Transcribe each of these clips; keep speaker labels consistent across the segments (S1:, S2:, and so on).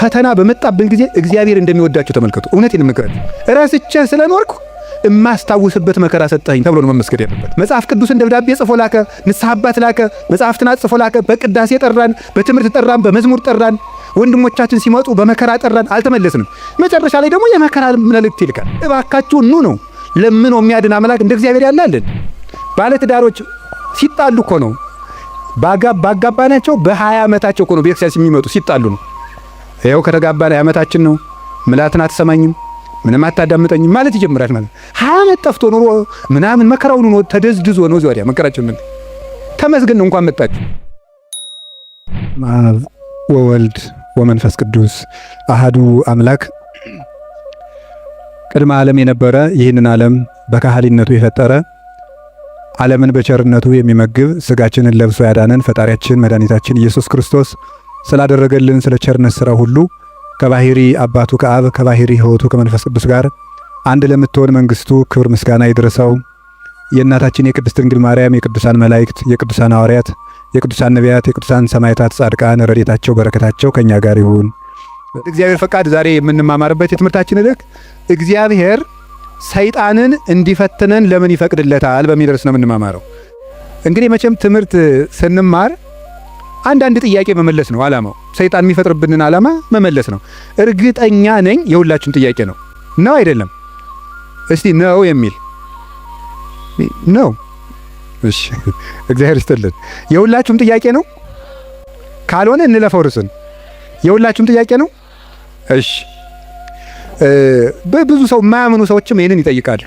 S1: ፈተና በመጣብን ጊዜ እግዚአብሔር እንደሚወዳቸው ተመልከቱ። እውነት ንምክረት ረስቼ ስለኖርኩ እማስታውስበት መከራ ሰጠኝ ተብሎ ነው መመስገድ ያለበት። መጽሐፍ ቅዱስን ደብዳቤ ጽፎ ላከ፣ ንስሐ አባት ላከ፣ መጽሐፍትን ጽፎ ላከ። በቅዳሴ ጠራን፣ በትምህርት ጠራን፣ በመዝሙር ጠራን። ወንድሞቻችን ሲመጡ በመከራ ጠራን፣ አልተመለስንም። መጨረሻ ላይ ደግሞ የመከራ መልእክት ይልካል። እባካችሁ ኑ ነው ለምኖ የሚያድን አምላክ እንደ እግዚአብሔር ያላለን። ባለትዳሮች ሲጣሉ እኮ ነው ባጋባናቸው በሀያ ዓመታቸው እኮ ነው ቤተክርስቲያን የሚመጡ ሲጣሉ ነው ይኸው ላይ ዓመታችን ነው። ምላትን አትሰማኝም፣ ምንም አታዳምጠኝም ማለት ይጀምራል። ማለት ሀያ ዓመት ጠፍቶ ኑሮ ምናምን መከራውን ኑሮ ተደዝድዞ ነው እዚህ ወዲያ መከራችን ምን ተመስገን እንኳን መጣችሁ።
S2: ወወልድ ወመንፈስ ቅዱስ አሃዱ አምላክ ቅድመ ዓለም የነበረ ይህንን ዓለም በካህሊነቱ የፈጠረ ዓለምን በቸርነቱ የሚመግብ ስጋችንን ለብሶ ያዳነን ፈጣሪያችን መድኃኒታችን ኢየሱስ ክርስቶስ ስላደረገልን ስለ ቸርነት ሥራ ሁሉ ከባሕሪ አባቱ ከአብ ከባሕሪ ሕይወቱ ከመንፈስ ቅዱስ ጋር አንድ ለምትሆን መንግሥቱ ክብር ምስጋና ይድረሰው። የእናታችን የቅድስት ድንግል ማርያም የቅዱሳን መላእክት የቅዱሳን ሐዋርያት የቅዱሳን ነቢያት የቅዱሳን ሰማዕታት ጻድቃን ረድኤታቸው በረከታቸው ከእኛ ጋር ይሁን።
S1: እግዚአብሔር ፈቃድ ዛሬ የምንማማርበት የትምህርታችን ልክ እግዚአብሔር ሰይጣንን እንዲፈትነን ለምን ይፈቅድለታል በሚል ርዕስ ነው የምንማማረው። እንግዲህ መቼም ትምህርት ስንማር አንዳንድ ጥያቄ መመለስ ነው አላማው ሰይጣን የሚፈጥርብንን አላማ መመለስ ነው። እርግጠኛ ነኝ የሁላችሁም ጥያቄ ነው። ነው አይደለም? እስቲ ነው የሚል ነው። እሺ እግዚአብሔር ይስጥልን። የሁላችሁም ጥያቄ ነው። ካልሆነ እንለፈው ርስን። የሁላችሁም ጥያቄ ነው። እሺ በብዙ ሰው የማያምኑ ሰዎችም ይህንን ይጠይቃሉ።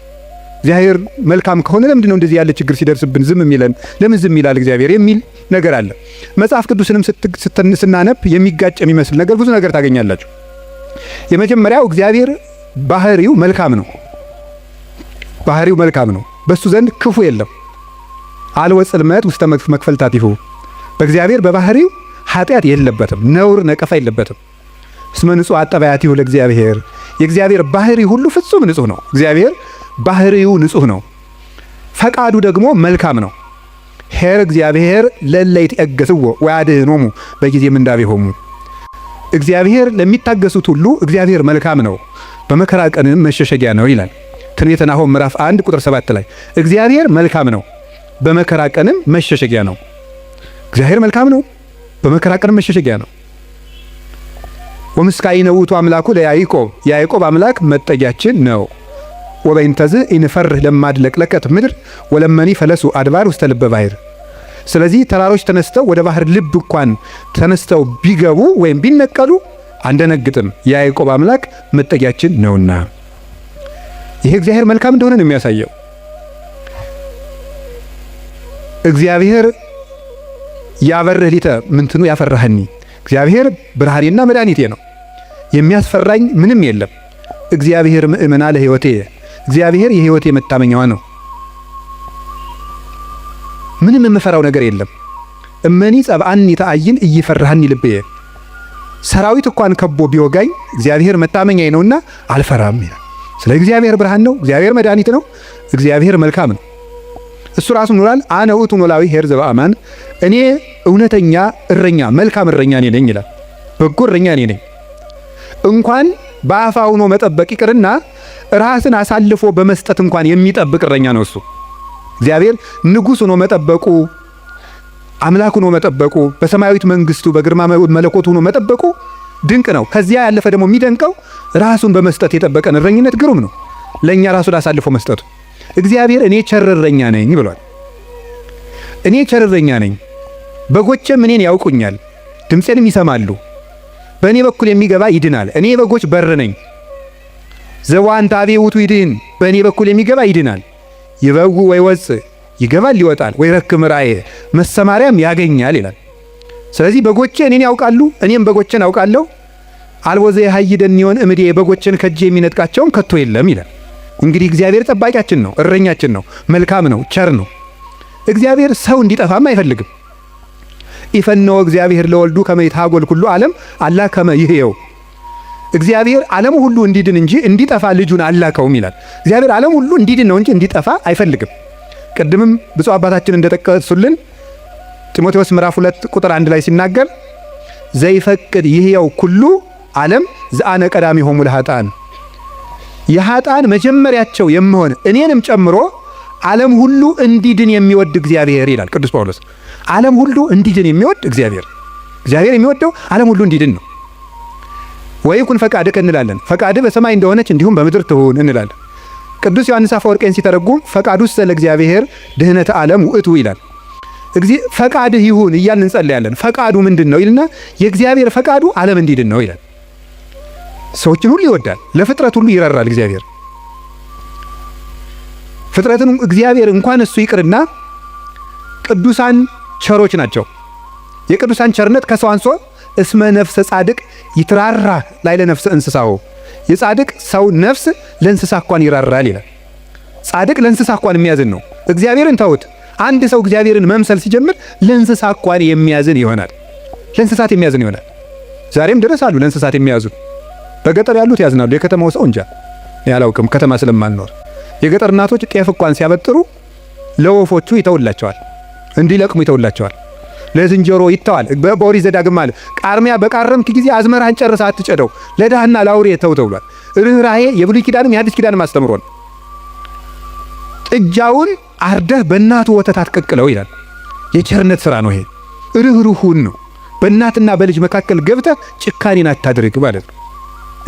S1: እግዚአብሔር መልካም ከሆነ ለምንድን ነው እንደዚህ ያለ ችግር ሲደርስብን ዝም የሚለን? ለምን ዝም ይላል እግዚአብሔር የሚል ነገር አለ። መጽሐፍ ቅዱስንም ስናነብ የሚጋጭ የሚመስል ነገር ብዙ ነገር ታገኛላችሁ። የመጀመሪያው እግዚአብሔር ባህሪው መልካም ነው። ባህሪው መልካም ነው። በእሱ ዘንድ ክፉ የለም። አልወ ጽልመት ውስተ መክፈልታቲሁ በእግዚአብሔር በባህሪው ኃጢአት የለበትም፣ ነውር ነቀፋ የለበትም። እስመ ንጹሕ አጠባያቲሁ ለእግዚአብሔር የእግዚአብሔር ባህሪ ሁሉ ፍጹም ንጹሕ ነው። እግዚአብሔር ባህሪው ንጹህ ነው፣ ፈቃዱ ደግሞ መልካም ነው። ሄር እግዚአብሔር ለእለ ይትዔገሥዎ ወያድኅኖሙ በጊዜ ምንዳቤሆሙ። እግዚአብሔር ለሚታገሱት ሁሉ እግዚአብሔር መልካም ነው፣ በመከራ ቀንም መሸሸጊያ ነው ይላል ትንቢተ ናሆም ምዕራፍ 1 ቁጥር 7 ላይ እግዚአብሔር መልካም ነው፣ በመከራ ቀንም መሸሸጊያ ነው። እግዚአብሔር መልካም ነው፣ በመከራ ቀንም መሸሸጊያ ነው። ወምስካይ ነውቱ አምላኩ ለያዕቆብ ያዕቆብ አምላክ መጠጊያችን ነው። ወበይንተዝ ኢንፈርህ ለማድለቅለቀት ምድር ወለመኒ ፈለሱ አድባር ውስተ ልበ ባሕር። ስለዚህ ተራሮች ተነስተው ወደ ባህር ልብ እንኳን ተነስተው ቢገቡ ወይም ቢነቀሉ አንደነግጥም፣ የያዕቆብ አምላክ መጠጊያችን ነውና። ይህ እግዚአብሔር መልካም እንደሆነ ነው የሚያሳየው። እግዚአብሔር ያበርህ ሊተ ምንትኑ ያፈራህኒ፣ እግዚአብሔር ብርሃኔና መድኃኒቴ ነው፣ የሚያስፈራኝ ምንም የለም። እግዚአብሔር ምእመና ለህይወቴ እግዚአብሔር የህይወት መታመኛዋ ነው። ምንም የምፈራው ነገር የለም። እመኒ ጸብአን ተአይን እይፈራህን ልብየ ሰራዊት እንኳን ከቦ ቢወጋኝ እግዚአብሔር መታመኛዬ ነውና አልፈራም ይላል። ስለ እግዚአብሔር ብርሃን ነው። እግዚአብሔር መድኃኒት ነው። እግዚአብሔር መልካም ነው። እሱ ራሱ ይላል አነ ውእቱ ኖላዊ ኄር ዘበአማን እኔ እውነተኛ እረኛ መልካም እረኛ እኔ ነኝ ይላል። በጎ እረኛ እኔ ነኝ። እንኳን በአፋ ሆኖ መጠበቅ ይቅርና ራስን አሳልፎ በመስጠት እንኳን የሚጠብቅ እረኛ ነው እሱ። እግዚአብሔር ንጉሥ ሆኖ መጠበቁ፣ አምላክ ሆኖ መጠበቁ፣ በሰማያዊት መንግስቱ በግርማ መለኮቱ ሆኖ መጠበቁ ድንቅ ነው። ከዚያ ያለፈ ደግሞ የሚደንቀው ራሱን በመስጠት የጠበቀን እረኝነት ግሩም ነው። ለእኛ ራሱን አሳልፎ መስጠቱ እግዚአብሔር እኔ ቸር እረኛ ነኝ ብሏል። እኔ ቸር እረኛ ነኝ፣ በጎቼም እኔን ያውቁኛል፣ ድምፄንም ይሰማሉ። በእኔ በኩል የሚገባ ይድናል። እኔ በጎች በር ነኝ ዘዋንታ አቤ ውቱ ይድህን፣ በእኔ በኩል የሚገባ ይድናል። ይበው ወይ ወፅ ይገባል ይወጣል፣ ወይ ረክም ራእየ መሰማሪያም ያገኛል ይላል። ስለዚህ በጎቼ እኔን ያውቃሉ፣ እኔም በጎቼን አውቃለሁ። አልቦዘ የሀይደን ይሆን እምዴ በጎቼን ከጄ የሚነጥቃቸውም ከቶ የለም ይላል። እንግዲህ እግዚአብሔር ጠባቂያችን ነው፣ እረኛችን ነው፣ መልካም ነው፣ ቸር ነው። እግዚአብሔር ሰው እንዲጠፋም አይፈልግም። ኢፈነወ እግዚአብሔር ለወልዱ ከመ ይትሃጎል ኩሉ ዓለም አላ ከመ ይህየው እግዚአብሔር ዓለም ሁሉ እንዲድን እንጂ እንዲጠፋ ልጁን አላከውም ይላል። እግዚአብሔር ዓለም ሁሉ እንዲድን ነው እንጂ እንዲጠፋ አይፈልግም። ቅድምም ብፁዕ አባታችን እንደጠቀሱልን ጢሞቴዎስ ምዕራፍ 2 ቁጥር 1 ላይ ሲናገር ዘይፈቅድ ይህየው ኩሉ ዓለም ዘአነ ቀዳሚ ሆሙ ለኃጣን የሃጣን መጀመሪያቸው የምሆን እኔንም ጨምሮ ዓለም ሁሉ እንዲድን የሚወድ እግዚአብሔር ይላል ቅዱስ ጳውሎስ። ዓለም ሁሉ እንዲድን የሚወድ እግዚአብሔር እግዚአብሔር የሚወደው ዓለም ሁሉ እንዲድን ነው። ወይ ኩን ፈቃድ እንላለን። ፈቃድ በሰማይ እንደሆነች እንዲሁም በምድር ትሁን እንላለን። ቅዱስ ዮሐንስ አፈወርቄን ሲተረጉም ውስጥ ለእግዚአብሔር ድህነተ ዓለም ውእቱ ይላል። ፈቃድህ ይሁን እያልን እንጸለያለን ፈቃዱ ምንድን ነው ይልና የእግዚአብሔር ፈቃዱ ዓለም እንዲድን ነው ይላል። ሰዎችን ሁሉ ይወዳል። ለፍጥረት ሁሉ ይራራል። እግዚአብሔር ፍጥረትን እግዚአብሔር እንኳን እሱ ይቅርና ቅዱሳን ቸሮች ናቸው። የቅዱሳን ቸርነት ከሰው አንሶ እስመ ነፍሰ ጻድቅ ይትራራ ላይለ ነፍሰ እንስሳው የጻድቅ ሰው ነፍስ ለእንስሳ እንኳን ይራራል ይላል። ጻድቅ ለእንስሳ እንኳን የሚያዝን ነው። እግዚአብሔርን ተውት። አንድ ሰው እግዚአብሔርን መምሰል ሲጀምር ለእንስሳ እንኳን የሚያዝን ይሆናል። ለእንስሳት የሚያዝን ይሆናል። ዛሬም ድረስ አሉ ለእንስሳት የሚያዙ። በገጠር ያሉት ያዝናሉ። የከተማው ሰው እንጃ ያላውቅም። ከተማ ስለማልኖር የገጠር እናቶች ጤፍ እንኳን ሲያበጥሩ ለወፎቹ ይተውላቸዋል፣ እንዲለቅሙ ይተውላቸዋል። ለዝንጀሮ ይተዋል። በኦሪት ዘዳግም ማለት ቃርሚያ በቃረምክ ጊዜ አዝመራህን ጨርሰህ አትጨደው፣ ለድሃና ለአውሬ ተው ተብሏል። ርኅራሄ የብሉይ ኪዳንም የአዲስ ኪዳንም አስተምሮ ነው። ጥጃውን አርደህ በእናቱ ወተት አትቀቅለው ይላል። የቸርነት ስራ ነው ይሄ። ርኅሩሁን ነው። በእናትና በልጅ መካከል ገብተህ ጭካኔን አታድርግ ማለት ነው።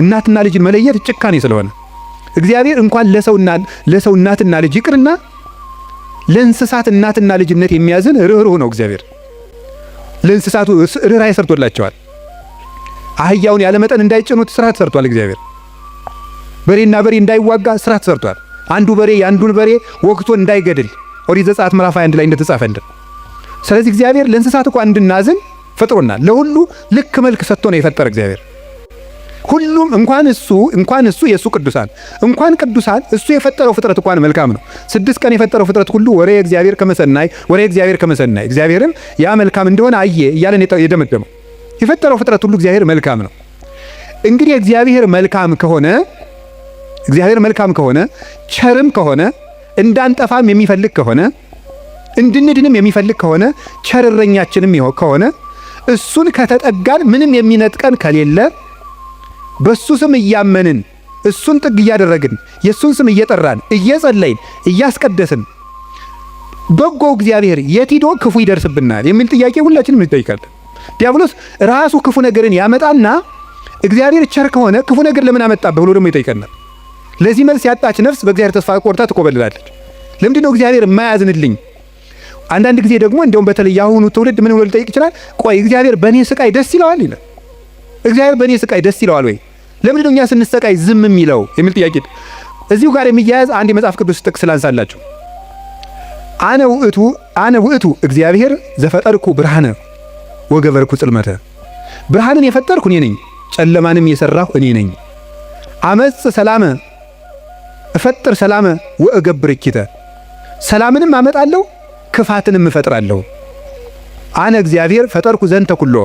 S1: እናትና ልጅን መለየት ጭካኔ ስለሆነ እግዚአብሔር እንኳን ለሰው እናትና ልጅ ይቅርና ለእንስሳት እናትና ልጅነት የሚያዝን ርኅሩህ ነው እግዚአብሔር። ለእንስሳቱ ርኅራኄ ሰርቶላቸዋል። አህያውን ያለመጠን እንዳይጭኑት ስራ ሰርቷል እግዚአብሔር። በሬና በሬ እንዳይዋጋ ስራ ተሰርቷል። አንዱ በሬ የአንዱን በሬ ወግቶ እንዳይገድል ኦሪት ዘጸአት ምዕራፍ 21 ላይ እንደተጻፈ እንደ ስለዚህ እግዚአብሔር ለእንስሳት እኮ እንድናዝን ፈጥሮናል። ለሁሉ ልክ መልክ ሰጥቶ ነው የፈጠረ እግዚአብሔር። ሁሉም እንኳን እሱ እንኳን እሱ የእሱ ቅዱሳን እንኳን ቅዱሳን እሱ የፈጠረው ፍጥረት እንኳን መልካም ነው። ስድስት ቀን የፈጠረው ፍጥረት ሁሉ ወሬ እግዚአብሔር ከመሰናይ ወሬ እግዚአብሔር ከመሰናይ እግዚአብሔርም ያ መልካም እንደሆነ አየ እያለን የደመደመው የፈጠረው ፍጥረት ሁሉ እግዚአብሔር መልካም ነው። እንግዲህ እግዚአብሔር መልካም ከሆነ እግዚአብሔር መልካም ከሆነ ቸርም ከሆነ እንዳንጠፋም የሚፈልግ ከሆነ እንድንድንም የሚፈልግ ከሆነ ቸርረኛችንም ከሆነ እሱን ከተጠጋን ምንም የሚነጥቀን ከሌለ በእሱ ስም እያመንን እሱን ጥግ እያደረግን የእሱን ስም እየጠራን እየጸለይን እያስቀደስን በጎው እግዚአብሔር የት ሂዶ ክፉ ይደርስብናል የሚል ጥያቄ ሁላችንም እንጠይቃለን። ዲያብሎስ ራሱ ክፉ ነገርን ያመጣና እግዚአብሔር ቸር ከሆነ ክፉ ነገር ለምን አመጣብህ ብሎ ደግሞ ይጠይቀናል። ለዚህ መልስ ያጣች ነፍስ በእግዚአብሔር ተስፋ ቆርታ ትቆበልላለች። ለምንድን ነው እግዚአብሔር የማያዝንልኝ? አንዳንድ ጊዜ ደግሞ እንዲሁም በተለይ የአሁኑ ትውልድ ምን ብሎ ሊጠይቅ ይችላል? ቆይ እግዚአብሔር በእኔ ስቃይ ደስ ይለዋል ይላል። እግዚአብሔር በእኔ ስቃይ ደስ ይለዋል ወይ? ለምንድነው እኛ ስንሰቃይ ዝም የሚለው የሚል ጥያቄ እዚሁ ጋር የሚያያዝ አንድ የመጽሐፍ ቅዱስ ጥቅስ ላንሳላችሁ። አነ ውእቱ አነ ውእቱ እግዚአብሔር ዘፈጠርኩ ብርሃነ ወገበርኩ ጽልመተ፣ ብርሃንን የፈጠርኩ እኔ ነኝ፣ ጨለማንም የሰራሁ እኔ ነኝ። አመጽ ሰላመ እፈጥር ሰላመ ወእገብር እኪተ፣ ሰላምንም አመጣለሁ ክፋትንም እፈጥራለሁ። አነ እግዚአብሔር ፈጠርኩ ዘንተ ኩሎ፣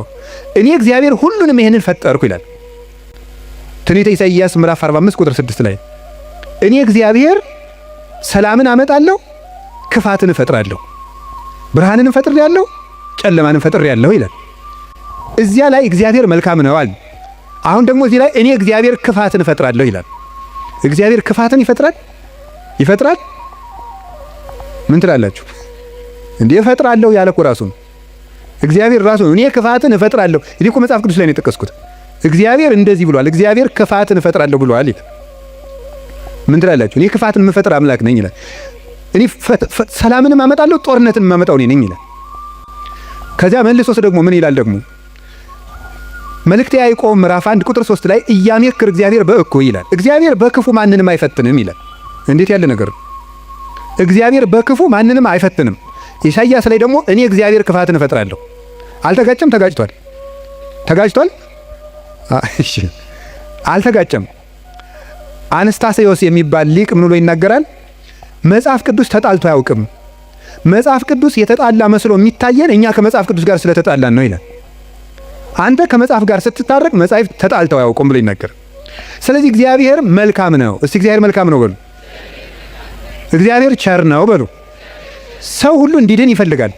S1: እኔ እግዚአብሔር ሁሉንም ይህንን ፈጠርኩ ይላል። ትንቢተ ኢሳይያስ ምዕራፍ 45 ቁጥር 6 ላይ እኔ እግዚአብሔር ሰላምን አመጣለሁ፣ ክፋትን እፈጥራለሁ፣ ብርሃንን እፈጥራለሁ፣ ጨለማን እፈጥራለሁ ይላል። እዚያ ላይ እግዚአብሔር መልካም ነዋል። አሁን ደግሞ እዚህ ላይ እኔ እግዚአብሔር ክፋትን እፈጥራለሁ ይላል። እግዚአብሔር ክፋትን ይፈጥራል ይፈጥራል። ምን ትላላችሁ? እንዴ እፈጥራለሁ ያለ እኮ ራሱ ነው። እግዚአብሔር ራሱ ነው እኔ ክፋትን እፈጥራለሁ። እኔ እኮ መጽሐፍ ቅዱስ ላይ ነው የጠቀስኩት። እግዚአብሔር እንደዚህ ብሏል። እግዚአብሔር ክፋትን እፈጥራለሁ ብሏል ይላል። ምን ትላላችሁ? እኔ ክፋትን የምፈጥር አምላክ ነኝ ይላል። እኔ ሰላምን አመጣለሁ፣ ጦርነትን ማመጣው እኔ ነኝ ይላል። ከዚያ መልሶስ ደግሞ ምን ይላል ደግሞ መልእክተ ያዕቆብ ምዕራፍ 1 ቁጥር 3 ላይ እያሜክር እግዚአብሔር በእኩ ይላል። እግዚአብሔር በክፉ ማንንም አይፈትንም ይላል። እንዴት ያለ ነገር! እግዚአብሔር በክፉ ማንንም አይፈትንም። ኢሳይያስ ላይ ደግሞ እኔ እግዚአብሔር ክፋትን እፈጥራለሁ። አልተጋጨም? ተጋጭቷል። ተጋጭቷል አልተጋጨም። አንስታሴዎስ የሚባል ሊቅ ምን ብሎ ይናገራል? መጽሐፍ ቅዱስ ተጣልቶ አያውቅም። መጽሐፍ ቅዱስ የተጣላ መስሎ የሚታየን እኛ ከመጽሐፍ ቅዱስ ጋር ስለተጣላን ነው ይላል። አንተ ከመጽሐፍ ጋር ስትታረቅ መጻሕፍት ተጣልተው አያውቁም ብሎ ይናገር። ስለዚህ እግዚአብሔር መልካም ነው። እስቲ እግዚአብሔር መልካም ነው በሉ። እግዚአብሔር ቸር ነው በሉ። ሰው ሁሉ እንዲድን ይፈልጋል፣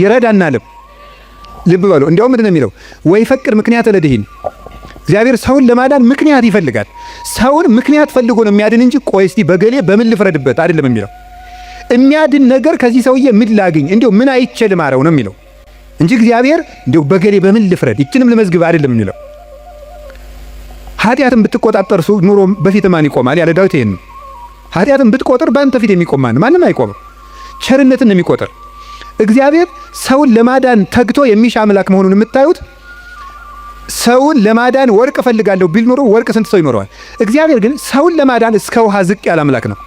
S1: ይረዳናልም። ልብ በሉ። እንዲያውም ምንድን ነው የሚለው? ወይ ፈቅድ ምክንያት ለድሂን እግዚአብሔር ሰውን ለማዳን ምክንያት ይፈልጋል። ሰውን ምክንያት ፈልጎ ነው የሚያድን እንጂ ቆይ እስቲ በገሌ በምን ልፍረድበት አይደለም የሚለው። የሚያድን ነገር ከዚህ ሰውዬ ምን ላግኝ፣ እንዲሁ ምን አይችልም አረው ነው የሚለው እንጂ እግዚአብሔር እንዲሁ በገሌ በምን ልፍረድ ይችንም ልመዝግብ አይደለም የሚለው። ኃጢአትን ብትቆጣጠር ሱ ኑሮ በፊት ማን ይቆማል ያለ ዳዊት ይሄን ኃጢአትን ብትቆጥር በአንተ ፊት የሚቆማን ማንም አይቆምም። ቸርነትን ነው የሚቆጥር እግዚአብሔር ሰውን ለማዳን ተግቶ የሚሻ አምላክ መሆኑን የምታዩት ሰውን ለማዳን ወርቅ እፈልጋለሁ ቢል ኖሮ ወርቅ ስንት ሰው ይኖረዋል? እግዚአብሔር ግን ሰውን ለማዳን እስከ ውሃ ዝቅ ያለ አምላክ ነው።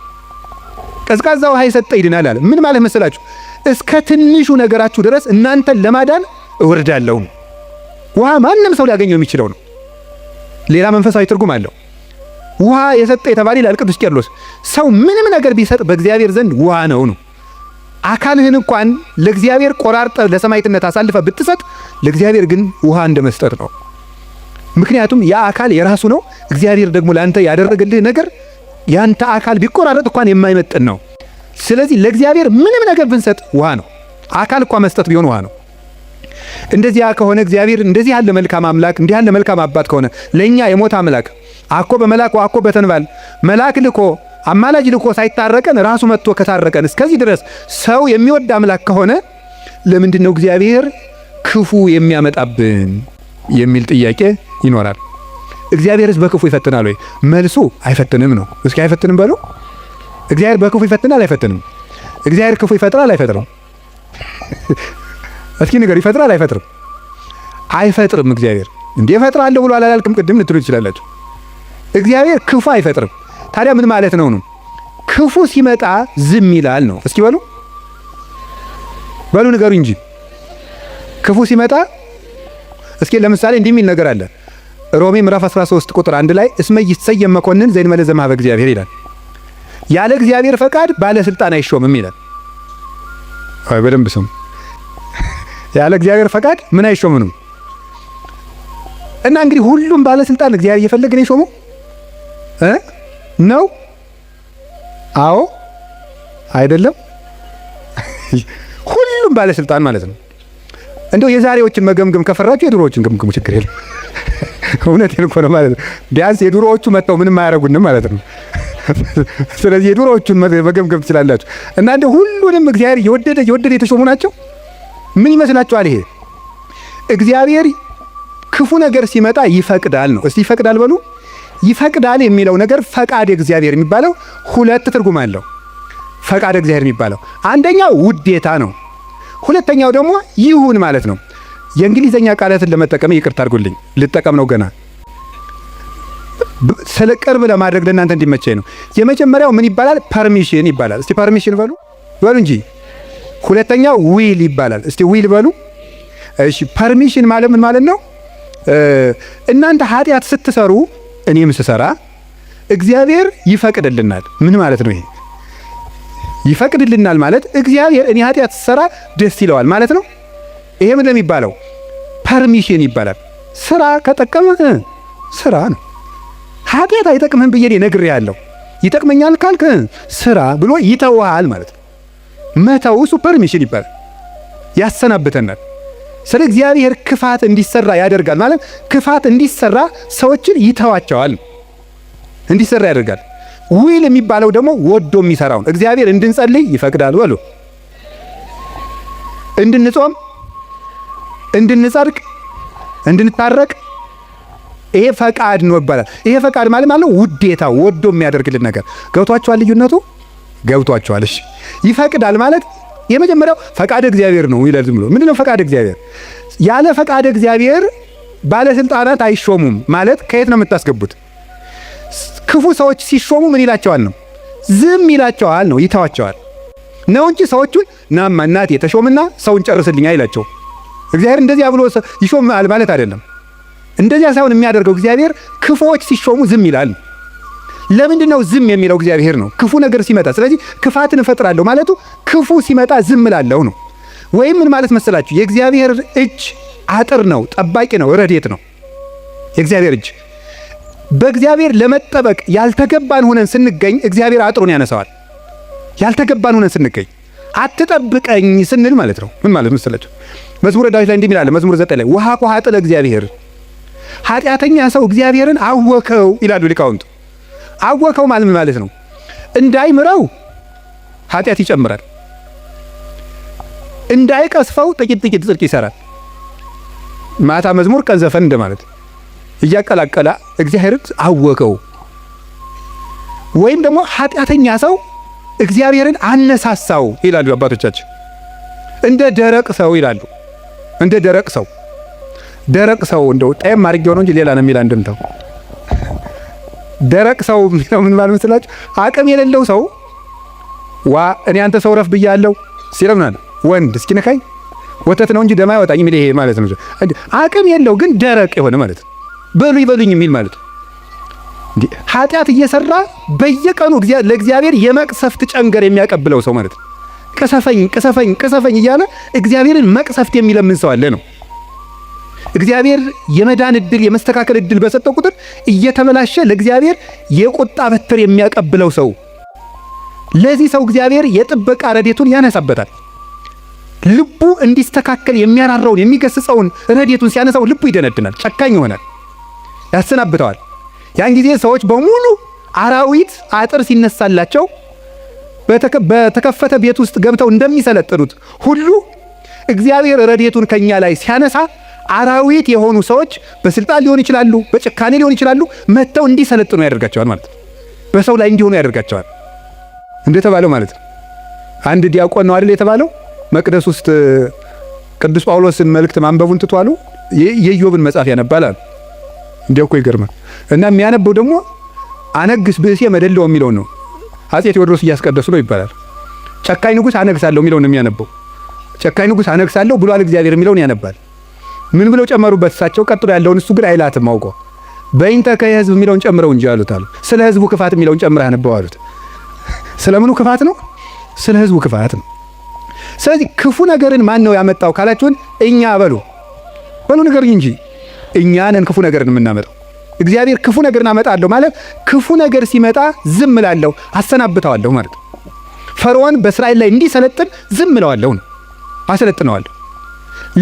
S1: ቀዝቃዛ ውሃ የሰጠ ይድናል አለ። ምን ማለት መሰላችሁ? እስከ ትንሹ ነገራችሁ ድረስ እናንተን ለማዳን እወርዳለሁ። ውሃ ማንም ሰው ሊያገኘው የሚችለው ነው። ሌላ መንፈሳዊ ትርጉም አለው። ውሃ የሰጠ የተባለ ይላል ቅዱስ ቄርሎስ። ሰው ምንም ነገር ቢሰጥ በእግዚአብሔር ዘንድ ውሃ ነው ነው አካልህን እንኳን ለእግዚአብሔር ቆራርጠ ለሰማይትነት አሳልፈ ብትሰጥ ለእግዚአብሔር ግን ውሃ እንደ መስጠት ነው። ምክንያቱም ያ አካል የራሱ ነው። እግዚአብሔር ደግሞ ለአንተ ያደረገልህ ነገር ያንተ አካል ቢቆራረጥ እንኳን የማይመጥን ነው። ስለዚህ ለእግዚአብሔር ምንም ነገር ብንሰጥ ውሃ ነው። አካል እንኳ መስጠት ቢሆን ውሃ ነው። እንደዚያ ከሆነ እግዚአብሔር እንደዚህ ያለ መልካም አምላክ እንዲህ ያለ መልካም አባት ከሆነ ለእኛ የሞት አምላክ አኮ በመላክ አኮ በተንባል መላክ ልኮ አማላጅ ልኮ ሳይታረቀን ራሱ መጥቶ ከታረቀን እስከዚህ ድረስ ሰው የሚወድ አምላክ ከሆነ ለምንድን ነው እግዚአብሔር ክፉ የሚያመጣብን የሚል ጥያቄ ይኖራል። እግዚአብሔርስ በክፉ ይፈትናል ወይ? መልሱ አይፈትንም ነው። እስኪ አይፈትንም በሉ። እግዚአብሔር በክፉ ይፈትናል አይፈትንም? እግዚአብሔር ክፉ ይፈጥራል አይፈጥርም? እስኪ ንገር፣ ይፈጥራል አይፈጥርም? አይፈጥርም። እግዚአብሔር እንዴ እፈጥራለሁ ብሎ አላላልክም ቅድም ልትሉ ትችላላችሁ። እግዚአብሔር ክፉ አይፈጥርም። ታዲያ ምን ማለት ነው ነው? ክፉ ሲመጣ ዝም ይላል ነው። እስኪ በሉ በሉ ንገሩ እንጂ ክፉ ሲመጣ እስኪ ለምሳሌ እንዲህ የሚል ነገር አለ። ሮሜ ምዕራፍ 13 ቁጥር አንድ ላይ እስመ ይሰየም መኮንን ዘእንበለ ዘእምኀበ እግዚአብሔር ይላል። ያለ እግዚአብሔር ፈቃድ ባለስልጣን አይሾምም ይላል። አይ በደንብ ስም ያለ እግዚአብሔር ፈቃድ ምን አይሾምንም። እና እንግዲህ ሁሉም ባለስልጣን እግዚአብሔር እየፈለገ ነው የሾመው እ ነው? አዎ አይደለም? ሁሉም ባለስልጣን ማለት ነው። እንደው የዛሬዎችን መገምገም ከፈራችሁ የድሮዎችን ገምግሙ፣ ችግር የለም። እውነቴን እኮ ነው ማለት ነው። ቢያንስ የድሮዎቹ መጥተው ምንም አያደርጉንም ማለት ነው። ስለዚህ የድሮዎቹን መገምገም ትችላላችሁ። እና እንደ ሁሉንም እግዚአብሔር የወደደ የወደደ የተሾሙ ናቸው። ምን ይመስላችኋል? ይሄ እግዚአብሔር ክፉ ነገር ሲመጣ ይፈቅዳል ነው። እስቲ ይፈቅዳል በሉ ይፈቅዳል የሚለው ነገር ፈቃድ እግዚአብሔር የሚባለው ሁለት ትርጉም አለው። ፈቃድ እግዚአብሔር የሚባለው አንደኛው ውዴታ ነው። ሁለተኛው ደግሞ ይሁን ማለት ነው። የእንግሊዘኛ ቃላትን ለመጠቀም ይቅርታ አድርጉልኝ፣ ልጠቀም ነው ገና ስለ ቅርብ ለማድረግ ለእናንተ እንዲመቸኝ ነው። የመጀመሪያው ምን ይባላል? ፐርሚሽን ይባላል። እስቲ ፐርሚሽን በሉ በሉ እንጂ። ሁለተኛው ዊል ይባላል። እስቲ ዊል በሉ እሺ። ፐርሚሽን ማለት ምን ማለት ነው? እናንተ ኃጢአት ስትሰሩ እኔም ስሰራ እግዚአብሔር ይፈቅድልናል። ምን ማለት ነው ይሄ? ይፈቅድልናል ማለት እግዚአብሔር እኔ ኃጢአት ስሰራ ደስ ይለዋል ማለት ነው። ይሄ ምን ለሚባለው ፐርሚሽን ይባላል። ስራ ከጠቀመ ስራ ነው። ኃጢአት አይጠቅምህም ብዬ ያለው ይጠቅመኛል ካልክ ስራ ብሎ ይተውሃል ማለት ነው። መተው እሱ ፐርሚሽን ይባላል። ያሰናብተናል። ስለ እግዚአብሔር ክፋት እንዲሰራ ያደርጋል። ማለት ክፋት እንዲሰራ ሰዎችን ይተዋቸዋል፣ እንዲሰራ ያደርጋል። ዊል የሚባለው ደግሞ ወዶ የሚሰራውን እግዚአብሔር እንድንጸልይ ይፈቅዳል፣ በሉ እንድንጾም፣ እንድንጸድቅ፣ እንድንታረቅ ይሄ ፈቃድ ነው ይባላል። ይሄ ፈቃድ ማለት ማለት ውዴታ ወዶ የሚያደርግልን ነገር ገብቷቸዋል። ልዩነቱ ገብቷቸዋል። እሺ ይፈቅዳል ማለት የመጀመሪያው ፈቃደ እግዚአብሔር ነው ይላል። ዝም ብሎ ምንድነው ፈቃድ እግዚአብሔር? ያለ ፈቃደ እግዚአብሔር ባለስልጣናት አይሾሙም ማለት ከየት ነው የምታስገቡት? ክፉ ሰዎች ሲሾሙ ምን ይላቸዋል ነው? ዝም ይላቸዋል ነው፣ ይተዋቸዋል ነው እንጂ ሰዎቹን ናማ እናቴ የተሾምና ሰውን ጨርስልኛ ይላቸው። እግዚአብሔር እንደዚያ ብሎ ይሾማል ማለት አይደለም። እንደዚያ ሳይሆን የሚያደርገው እግዚአብሔር ክፉዎች ሲሾሙ ዝም ይላል። ለምንድን ነው ዝም የሚለው? እግዚአብሔር ነው ክፉ ነገር ሲመጣ። ስለዚህ ክፋትን እፈጥራለሁ ማለቱ ክፉ ሲመጣ ዝም እላለሁ ነው። ወይም ምን ማለት መሰላችሁ? የእግዚአብሔር እጅ አጥር ነው፣ ጠባቂ ነው፣ ረድኤት ነው። የእግዚአብሔር እጅ በእግዚአብሔር ለመጠበቅ ያልተገባን ሆነን ስንገኝ እግዚአብሔር አጥሩን ያነሳዋል። ያልተገባን ሆነን ስንገኝ አትጠብቀኝ ስንል ማለት ነው። ምን ማለት መሰላችሁ? መዝሙረ ዳዊት ላይ እንደሚል መዝሙር ዘጠኝ ላይ ውሃ ኮሃ ጥለ እግዚአብሔር ኃጢአተኛ ሰው እግዚአብሔርን አወከው ይላሉ ሊቃውንቱ። አወከው ማለት ማለት ነው። እንዳይምረው ኃጢአት ይጨምራል። እንዳይቀስፈው ጥቂት ጥቂት ጽድቅ ይሰራል። ማታ መዝሙር ቀን ዘፈን እንደማለት እያቀላቀላ እግዚአብሔር አወከው። ወይም ደግሞ ኃጢአተኛ ሰው እግዚአብሔርን አነሳሳው ይላሉ አባቶቻችን። እንደ ደረቅ ሰው ይላሉ። እንደ ደረቅ ሰው ደረቅ ሰው እንደው ጤም አድርጌው ነው እንጂ ሌላ ነው የሚል አንድምታው ደረቅ ሰው የሚለው ምን ማለት መስላችሁ? አቅም የሌለው ሰው ዋ እኔ አንተ ሰው ረፍ ብያለሁ ሲለው ምናምን ወንድ እስኪ ነካኝ ወተት ነው እንጂ ደማ ያወጣኝ የሚል ይሄ ማለት ነው። አቅም የለው ግን ደረቅ የሆነ ማለት ነው። በሉኝ በሉኝ የሚል ማለት ነው። ኃጢአት እየሰራ በየቀኑ ለእግዚአብሔር የመቅሰፍት ጨንገር የሚያቀብለው ሰው ማለት ነው። ቅሰፈኝ ቅሰፈኝ ቅሰፈኝ እያለ እግዚአብሔርን መቅሰፍት የሚለምን ሰው አለ ነው። እግዚአብሔር የመዳን እድል የመስተካከል እድል በሰጠው ቁጥር እየተበላሸ ለእግዚአብሔር የቁጣ በትር የሚያቀብለው ሰው ለዚህ ሰው እግዚአብሔር የጥበቃ ረዴቱን ያነሳበታል። ልቡ እንዲስተካከል የሚያራራውን የሚገስጸውን ረዴቱን ሲያነሳው ልቡ ይደነድናል፣ ጨካኝ ይሆናል፣ ያሰናብተዋል። ያን ጊዜ ሰዎች በሙሉ አራዊት አጥር ሲነሳላቸው በተከፈተ ቤት ውስጥ ገብተው እንደሚሰለጥኑት ሁሉ እግዚአብሔር ረዴቱን ከኛ ላይ ሲያነሳ አራዊት የሆኑ ሰዎች በስልጣን ሊሆን ይችላሉ፣ በጭካኔ ሊሆን ይችላሉ። መጥተው እንዲሰለጥኑ ያደርጋቸዋል ማለት ነው። በሰው ላይ እንዲሆኑ ያደርጋቸዋል እንደተባለው ማለት ነው። አንድ ዲያቆን ነው አይደል የተባለው መቅደስ ውስጥ ቅዱስ ጳውሎስን መልእክት ማንበቡን ትቷሉ የዮብን የኢዮብን መጽሐፍ ያነባል አሉ። እኮ ይገርማል። እና የሚያነበው ደግሞ አነግስ ብእሴ መደለው የሚለው ነው። አጼ ቴዎድሮስ እያስቀደሱ ነው ይባላል። ጨካኝ ንጉሥ አነግሳለሁ የሚለው ነው የሚያነበው። ጨካኝ ንጉሥ አነግሳለሁ ብሏል እግዚአብሔር የሚለውን ያነባል። ምን ብለው ጨመሩበት እሳቸው። ቀጥሎ ያለውን እሱ ግን አይላትም አውቆ በይንተከ የህዝብ የሚለውን ጨምረው እንጂ አሉት አሉ። ስለ ህዝቡ ክፋት የሚለውን ጨምረህ አነበው አሉት። ስለ ክፋት ነው? ስለ ህዝቡ ክፋት ነው። ስለዚህ ክፉ ነገርን ማን ነው ያመጣው ካላችሁን፣ እኛ በሉ በሉ ነገር እንጂ እኛ ነን ክፉ ነገርን የምናመጣው። እግዚአብሔር ክፉ ነገርን አመጣለሁ ማለት ክፉ ነገር ሲመጣ ዝም እላለሁ አሰናብተዋለሁ ማለት። ፈርዖን በእስራኤል ላይ እንዲሰለጥን ዝም እለዋለሁ ነው፣ አሰለጥነዋለሁ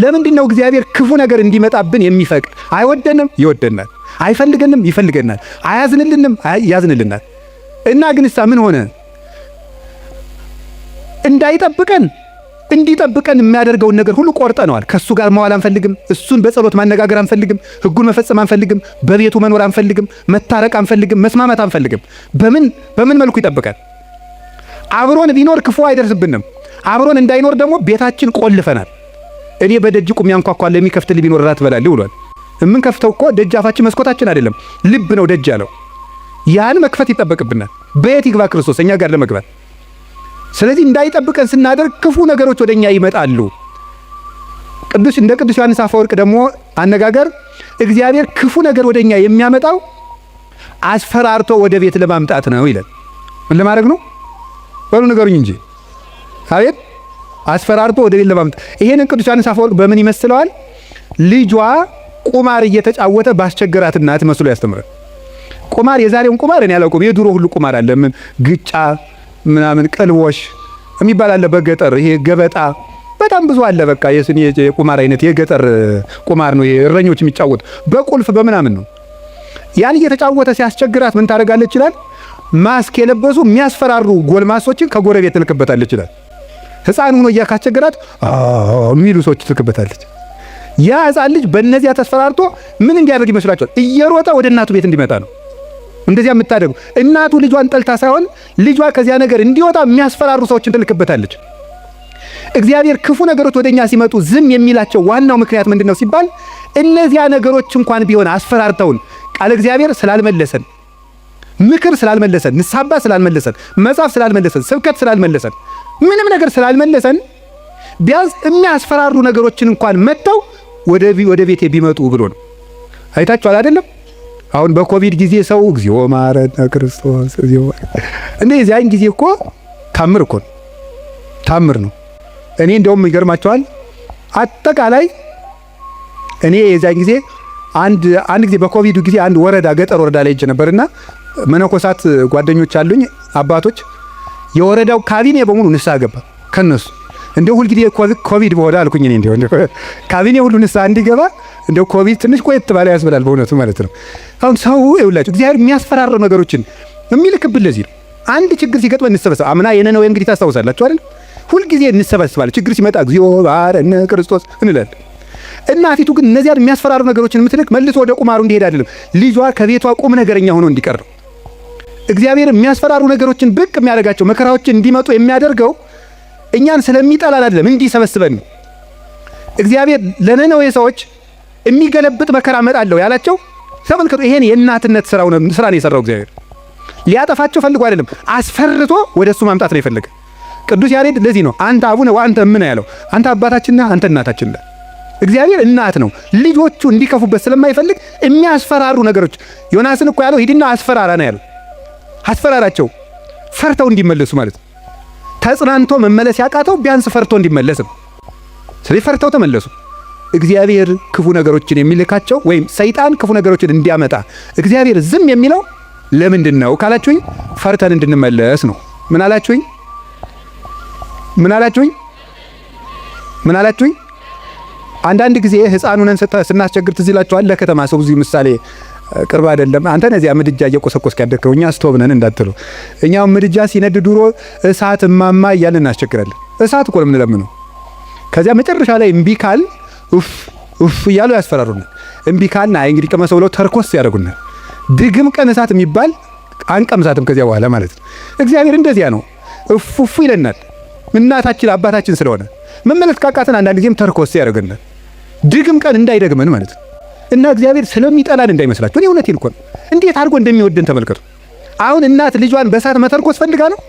S1: ለምንድን ነው እግዚአብሔር ክፉ ነገር እንዲመጣብን የሚፈቅድ? አይወደንም፣ ይወደናል። አይፈልገንም፣ ይፈልገናል። አያዝንልንም፣ ያዝንልናል። እና ግንሳ ምን ሆነ? እንዳይጠብቀን እንዲጠብቀን የሚያደርገውን ነገር ሁሉ ቆርጠነዋል። ከእሱ ጋር መዋል አንፈልግም። እሱን በጸሎት ማነጋገር አንፈልግም። ህጉን መፈጸም አንፈልግም። በቤቱ መኖር አንፈልግም። መታረቅ አንፈልግም። መስማማት አንፈልግም። በምን በምን መልኩ ይጠብቀን? አብሮን ቢኖር ክፉ አይደርስብንም። አብሮን እንዳይኖር ደግሞ ቤታችን ቆልፈናል። እኔ በደጅ ቁሜ አንኳኳለ የሚከፍትልኝ ቢኖር እራት እበላለሁ ብሏል። ከፍተው እኮ ደጃፋችን መስኮታችን አይደለም፣ ልብ ነው ደጅ ያለው። ያን መክፈት ይጠበቅብናል። በየት ይግባ ክርስቶስ እኛ ጋር ለመግባት? ስለዚህ እንዳይጠብቀን ስናደርግ ክፉ ነገሮች ወደኛ ይመጣሉ። ቅዱስ እንደ ቅዱስ ዮሐንስ አፈወርቅ ደግሞ አነጋገር እግዚአብሔር ክፉ ነገር ወደኛ የሚያመጣው አስፈራርቶ ወደ ቤት ለማምጣት ነው ይላል። ምን ለማድረግ ነው በሉ ንገሩኝ እንጂ አቤት አስፈራርቶ ወደ ቤት ለማምጣት ይሄንን ቅዱስ ዮሐንስ አፈወርቅ በምን ይመስለዋል? ልጇ ቁማር እየተጫወተ ባስቸገራት እናት መስሎ ያስተምራል። ቁማር የዛሬውን ቁማር እኔ አላውቅም። የድሮ ሁሉ ቁማር አለ። ምን ግጫ ምናምን ቅልቦሽ የሚባል አለ በገጠር ይሄ ገበጣ በጣም ብዙ አለ። በቃ የስኒ የቁማር አይነት የገጠር ቁማር ነው። እረኞች የሚጫወት በቁልፍ በምናምን ነው። ያን እየተጫወተ ሲያስቸግራት ምን ታደርጋለች ይችላል? ማስክ የለበሱ የሚያስፈራሩ ጎልማሶችን ከጎረቤት ትልክበታለች ይችላል። ህፃን ሆኖ እያካስቸገራት የሚሉ ሰዎች ትልክበታለች። ያ ህፃን ልጅ በእነዚያ ተስፈራርቶ ምን እንዲያደርግ ይመስላችኋል? እየሮጠ ወደ እናቱ ቤት እንዲመጣ ነው። እንደዚያ የምታደርገው እናቱ ልጇን ጠልታ ሳይሆን ልጇ ከዚያ ነገር እንዲወጣ የሚያስፈራሩ ሰዎችን ትልክበታለች። እግዚአብሔር ክፉ ነገሮች ወደ እኛ ሲመጡ ዝም የሚላቸው ዋናው ምክንያት ምንድን ነው ሲባል እነዚያ ነገሮች እንኳን ቢሆን አስፈራርተውን ቃለ እግዚአብሔር ስላልመለሰን ምክር ስላልመለሰን ንስሐ አባት ስላልመለሰን መጽሐፍ ስላልመለሰን ስብከት ስላልመለሰን ምንም ነገር ስላልመለሰን ቢያንስ የሚያስፈራሩ ነገሮችን እንኳን መጥተው ወደ ቤቴ ቢመጡ ብሎ ነው። አይታችኋል አይደለም? አሁን በኮቪድ ጊዜ ሰው እግዚኦ መሐረነ ክርስቶስ እግዚኦ እንደ የዚያን ጊዜ እኮ ታምር እኮ ነው፣ ታምር ነው። እኔ እንደውም ይገርማቸዋል። አጠቃላይ እኔ የዚያን ጊዜ አንድ አንድ ጊዜ በኮቪድ ጊዜ አንድ ወረዳ ገጠር ወረዳ ላይ ሄጄ ነበርና መነኮሳት ጓደኞች አሉኝ አባቶች የወረዳው ካቢኔ በሙሉ ንሳ ገባ ከነሱ እንደው ሁልጊዜ ኮቪድ በሆነ አልኩኝ እኔ እንደው ካቢኔ ሁሉ ንስሓ እንዲገባ እንደው ኮቪድ ትንሽ ቆየት ባለ ያስብላል በእውነቱ ማለት ነው። አሁን ሰው ይውላችሁ እግዚአብሔር የሚያስፈራረው ነገሮችን የሚልክብን ለዚህ ነው። አንድ ችግር ሲገጥመን እንሰበሰብ አምና የነነዌ እንግዲህ ታስታውሳላችሁ አይደል? ሁልጊዜ እንሰበስባለን። ችግር ሲመጣ እግዚኦ ባረነ ክርስቶስ እንላለን። ፊቱ ግን እነዚያን የሚያስፈራሩ ነገሮችን የምትልክ መልሶ ወደ ቁማሩ እንዲሄድ አይደለም፣ ልጇ ከቤቷ ቁም ነገረኛ ሆኖ እንዲቀር ነው። እግዚአብሔር የሚያስፈራሩ ነገሮችን ብቅ የሚያደርጋቸው መከራዎችን እንዲመጡ የሚያደርገው እኛን ስለሚጠላን አይደለም፣ እንዲሰበስበን ነው። እግዚአብሔር ለነነዌ ሰዎች የሚገለብጥ መከራ እመጣለሁ ያላቸው ተመልከቱ፣ ይሄን የእናትነት ስራ ነው የሰራው እግዚአብሔር። ሊያጠፋቸው ፈልጎ አይደለም፣ አስፈርቶ ወደ እሱ ማምጣት ነው የፈለገ። ቅዱስ ያሬድ ለዚህ ነው አንተ አቡነ ወአንተ እምነ ያለው፣ አንተ አባታችን አባታችንና አንተ እናታችን። ነህ። እግዚአብሔር እናት ነው። ልጆቹ እንዲከፉበት ስለማይፈልግ የሚያስፈራሩ ነገሮች ዮናስን እኮ ያለው ሂድና አስፈራራ ነው ያለው። አስፈራራቸው፣ ፈርተው እንዲመለሱ ማለት ነው። ተጽናንቶ መመለስ ያቃተው ቢያንስ ፈርቶ ነው። ስለዚህ ፈርተው ተመለሱ። እግዚአብሔር ክፉ ነገሮችን የሚልካቸው ወይም ሰይጣን ክፉ ነገሮችን እንዲያመጣ እግዚአብሔር ዝም የሚለው ለምንድን ነው ካላችሁኝ፣ ፈርተን እንድንመለስ ነው። ምን አላችሁኝ? ምን አላችሁኝ? ምን አላችሁኝ? አንዳንድ ጊዜ ሕፃኑን ስናስቸግር ትዝ ይላችኋል። ለከተማ ሰው እዚህ ምሳሌ ቅርብ አይደለም። አንተ ነዚያ ምድጃ እየቆሰቆስክ ያደርከው እኛ ስቶብ ነን እንዳትሉ። እኛው ምድጃ ሲነድ ድሮ እሳት እማማ እያልን እናስቸግራለን። እሳት እኮ የምንለምነው ከዚያ መጨረሻ ላይ እምቢ ካል ኡፍ ኡፍ እያሉ ያስፈራሩናል። እምቢ ካልና አይ እንግዲህ ቅመሰው ብለው ተርኮስ ያደርጉናል። ድግም ቀን እሳት የሚባል አንቀምሳትም ከዚያ በኋላ ማለት ነው። እግዚአብሔር እንደዚያ ነው። እፍ እፉ ይለናል። እናታችን አባታችን ስለሆነ መመለስ ካቃተን አንዳንድ ጊዜም ተርኮስ ያደርገናል። ድግም ቀን እንዳይደግመን ማለት ነው። እና እግዚአብሔር ስለሚጠላን እንዳይመስላችሁ። እኔ እውነቴን እኮ ነው። እንዴት አድርጎ እንደሚወደን ተመልከቱ። አሁን እናት ልጇን በእሳት መተርኮስ ፈልጋ ነው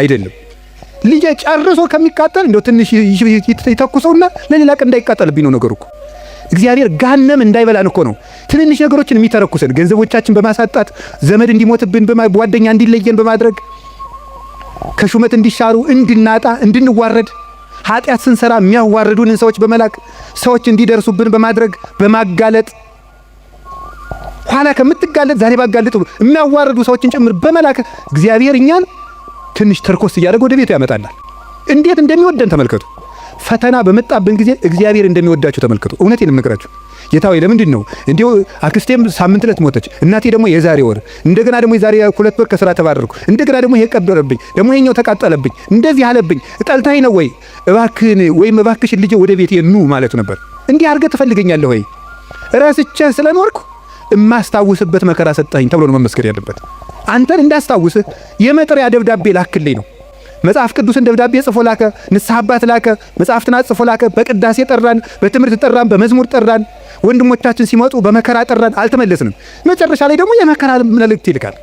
S1: አይደለም። ልጅ ጨርሶ ከሚቃጠል እንደው ትንሽ ይተኩሰውና ለሌላ ቀን እንዳይቃጠልብኝ ነው ነገሩ እኮ። እግዚአብሔር ጋነም እንዳይበላን እኮ ነው ትንንሽ ነገሮችን የሚተረኩሰን፣ ገንዘቦቻችን በማሳጣት ዘመድ እንዲሞትብን፣ ጓደኛ እንዲለየን በማድረግ ከሹመት እንዲሻሩ እንድናጣ እንድንዋረድ ኃጢአት ስንሰራ የሚያዋርዱንን ሰዎች በመላክ ሰዎች እንዲደርሱብን በማድረግ በማጋለጥ ኋላ ከምትጋለጥ ዛሬ ባጋለጥ የሚያዋርዱ ሰዎችን ጭምር በመላክ እግዚአብሔር እኛን ትንሽ ተርኮስ እያደረገ ወደ ቤቱ ያመጣናል። እንዴት እንደሚወደን ተመልከቱ። ፈተና በመጣብን ጊዜ እግዚአብሔር እንደሚወዳቸው ተመልከቱ። እውነቴን የምነግራችሁ ጌታዊ ለምንድን ነው እንዲሁ አክስቴም ሳምንት ዕለት ሞተች፣ እናቴ ደግሞ የዛሬ ወር፣ እንደገና ደግሞ የዛሬ ሁለት ወር ከስራ ተባረርኩ፣ እንደገና ደግሞ ይሄ ቀበረብኝ፣ ደግሞ ይሄኛው ተቃጠለብኝ፣ እንደዚህ አለብኝ፣ ጠልታኝ ነው ወይ እባክህን ወይም እባክሽን ልጄ ወደ ቤቴ ኑ ማለቱ ነበር። እንዲህ አድርገህ ትፈልገኛለህ ወይ ረስቼ ስለኖርኩ እማስታውስበት መከራ ሰጠኝ ተብሎ ነው መመስገን ያለበት። አንተን እንዳስታውስህ የመጥሪያ ደብዳቤ ላክልኝ ነው መጽሐፍ ቅዱስን ደብዳቤ ጽፎ ላከ። ንስሐ አባት ላከ። መጽሐፍትን ጽፎ ላከ። በቅዳሴ ጠራን፣ በትምህርት ጠራን፣ በመዝሙር ጠራን። ወንድሞቻችን ሲመጡ በመከራ ጠራን፣ አልተመለስንም። መጨረሻ ላይ ደግሞ የመከራ መልእክት ይልካል።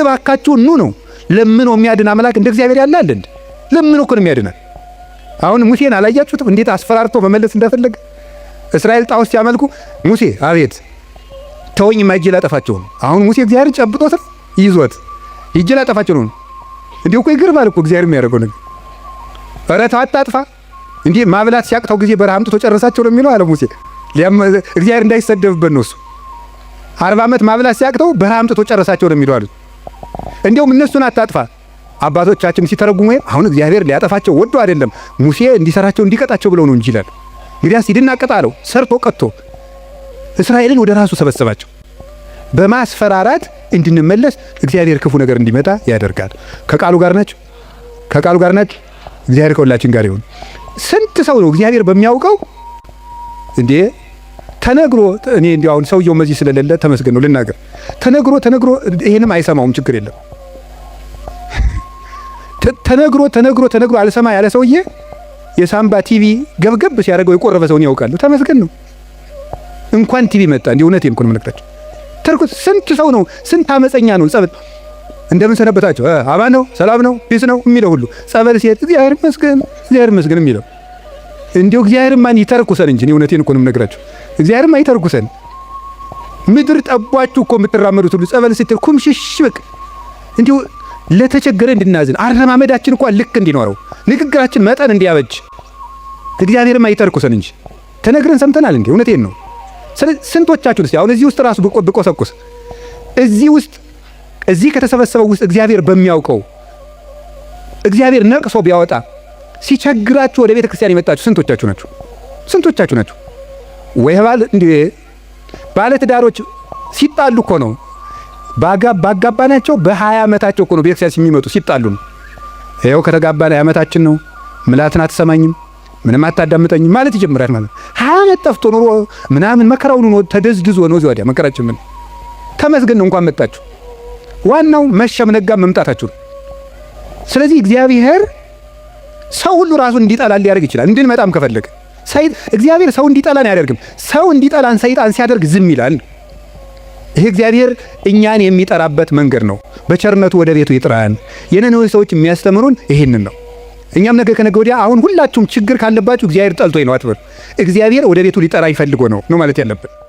S1: እባካችሁ ኑ ነው። ለምኖ የሚያድን አምላክ እንደ እግዚአብሔር ያለ አለ እንዴ? ለምኖ እኮ ነው የሚያድናል። አሁን ሙሴን አላያችሁትም? እንዴት አስፈራርቶ መመለስ እንደፈለገ እስራኤል ጣዖት ሲያመልኩ ሙሴ አቤት ተወኝ ማጅ ላጠፋቸው ነው። አሁን ሙሴ እግዚአብሔር ጨብጦት ይዞት ይጅ ላጠፋቸው ነው። እንዴ እኮ ይገርማል እኮ እግዚአብሔር የሚያደርገው ነገር። ኧረ ተው አታጥፋ። እንዲህ ማብላት ሲያቅተው ጊዜ በረሃ አምጥቶ ጨረሳቸው ነው የሚለው አለ ሙሴ። እግዚአብሔር እንዳይሰደብበት ነው እሱ። አርባ ዓመት ማብላት ሲያቅተው በረሃ አምጥቶ ጨረሳቸው ነው የሚለው አሉት። እንዲሁም እነሱን አታጥፋ። አባቶቻችን ሲተረጉሙ አሁን እግዚአብሔር ሊያጠፋቸው ወዶ አይደለም ሙሴ እንዲሰራቸው እንዲቀጣቸው ብለው ነው እንጂ ይላል። እንግዲያስ ሂድና ቅጣ አለው። ሰርቶ ቀጥቶ እስራኤልን ወደ ራሱ ሰበሰባቸው በማስፈራራት እንድንመለስ እግዚአብሔር ክፉ ነገር እንዲመጣ ያደርጋል። ከቃሉ ጋር ናቸው፣ ከቃሉ ጋር ናቸው። እግዚአብሔር ከሁላችን ጋር ይሁን። ስንት ሰው ነው እግዚአብሔር በሚያውቀው እንዴ ተነግሮ እኔ እንዲ አሁን ሰውየው መዚህ ስለሌለ ተመስገን ነው ልናገር። ተነግሮ ተነግሮ ይሄንም አይሰማውም፣ ችግር የለም። ተነግሮ ተነግሮ ተነግሮ አልሰማ ያለ ሰውዬ የሳምባ ቲቪ ገብገብ ሲያደርገው የቆረበ ሰውን ያውቃሉ። ተመስገን ነው። እንኳን ቲቪ መጣ። እንዲ እውነት እኮ መለክታቸው ያተርኩት ስንት ሰው ነው ስንት አመፀኛ ነው ጸበል እንደምን ሰነበታቸው አማን ነው ሰላም ነው ፒስ ነው የሚለው ሁሉ ጸበል ሲሄድ እግዚአብሔር ይመስገን እግዚአብሔር ይመስገን የሚለው እንዲሁ ማን ይተርኩሰን እንጂ እውነቴን እኮ ነው እግዚአብሔር ማን ይተርኩሰን። ምድር ጠቧችሁ እኮ የምትራመዱት ሁሉ ጸበል ስትል ኩምሽሽ በቅ እንዲሁ ለተቸገረ እንድናዝን አረማመዳችን እንኳ ልክ እንዲኖረው ንግግራችን መጠን እንዲያበጅ እግዚአብሔርማ ይተርኩሰን እንጂ ተነግረን ሰምተናል። እንዴ? እውነቴን ነው። ስንቶቻችሁን እስቲ አሁን እዚህ ውስጥ ራሱ ብቆሰቁስ እዚህ ውስጥ እዚህ ከተሰበሰበው ውስጥ እግዚአብሔር በሚያውቀው እግዚአብሔር ነቅሶ ቢያወጣ ሲቸግራችሁ ወደ ቤተ ክርስቲያን የመጣችሁ ስንቶቻችሁ ናችሁ? ስንቶቻችሁ ናችሁ? ወይ ባል ባለ ትዳሮች ሲጣሉ እኮ ነው ባጋባናቸው በሀያ ዓመታቸው እኮ ነው ቤተ ክርስቲያን የሚመጡ ሲጣሉ ነው። ይኸው ዓመታችን ነው። ምላትን አትሰማኝም ምንም አታዳምጠኝ ማለት ይጀምራል ማለት ሀያ ዓመት ጠፍቶ ኖሮ ምናምን መከራውን ሆኖ ተደዝድዞ ነው እዚህ ወዲያ መከራችን ምን ተመስገን ነው እንኳን መጣችሁ። ዋናው መሸም ነጋ መምጣታችሁ ነው። ስለዚህ እግዚአብሔር ሰው ሁሉ ራሱን እንዲጠላ ሊያደርግ ይችላል እንድንመጣም ከፈለገ እግዚአብሔር ሰው እንዲጠላን አያደርግም። ሰው እንዲጠላን ሰይጣን ሲያደርግ ዝም ይላል። ይሄ እግዚአብሔር እኛን የሚጠራበት መንገድ ነው። በቸርነቱ ወደ ቤቱ ይጥራን። የነነዌ ሰዎች የሚያስተምሩን ይህንን ነው። እኛም ነገ ከነገ ወዲያ አሁን ሁላችሁም ችግር ካለባችሁ እግዚአብሔር ጠልቶኝ ነው አትበሉ። እግዚአብሔር ወደ ቤቱ ሊጠራ ይፈልጎ ነው ነው ማለት ያለብን።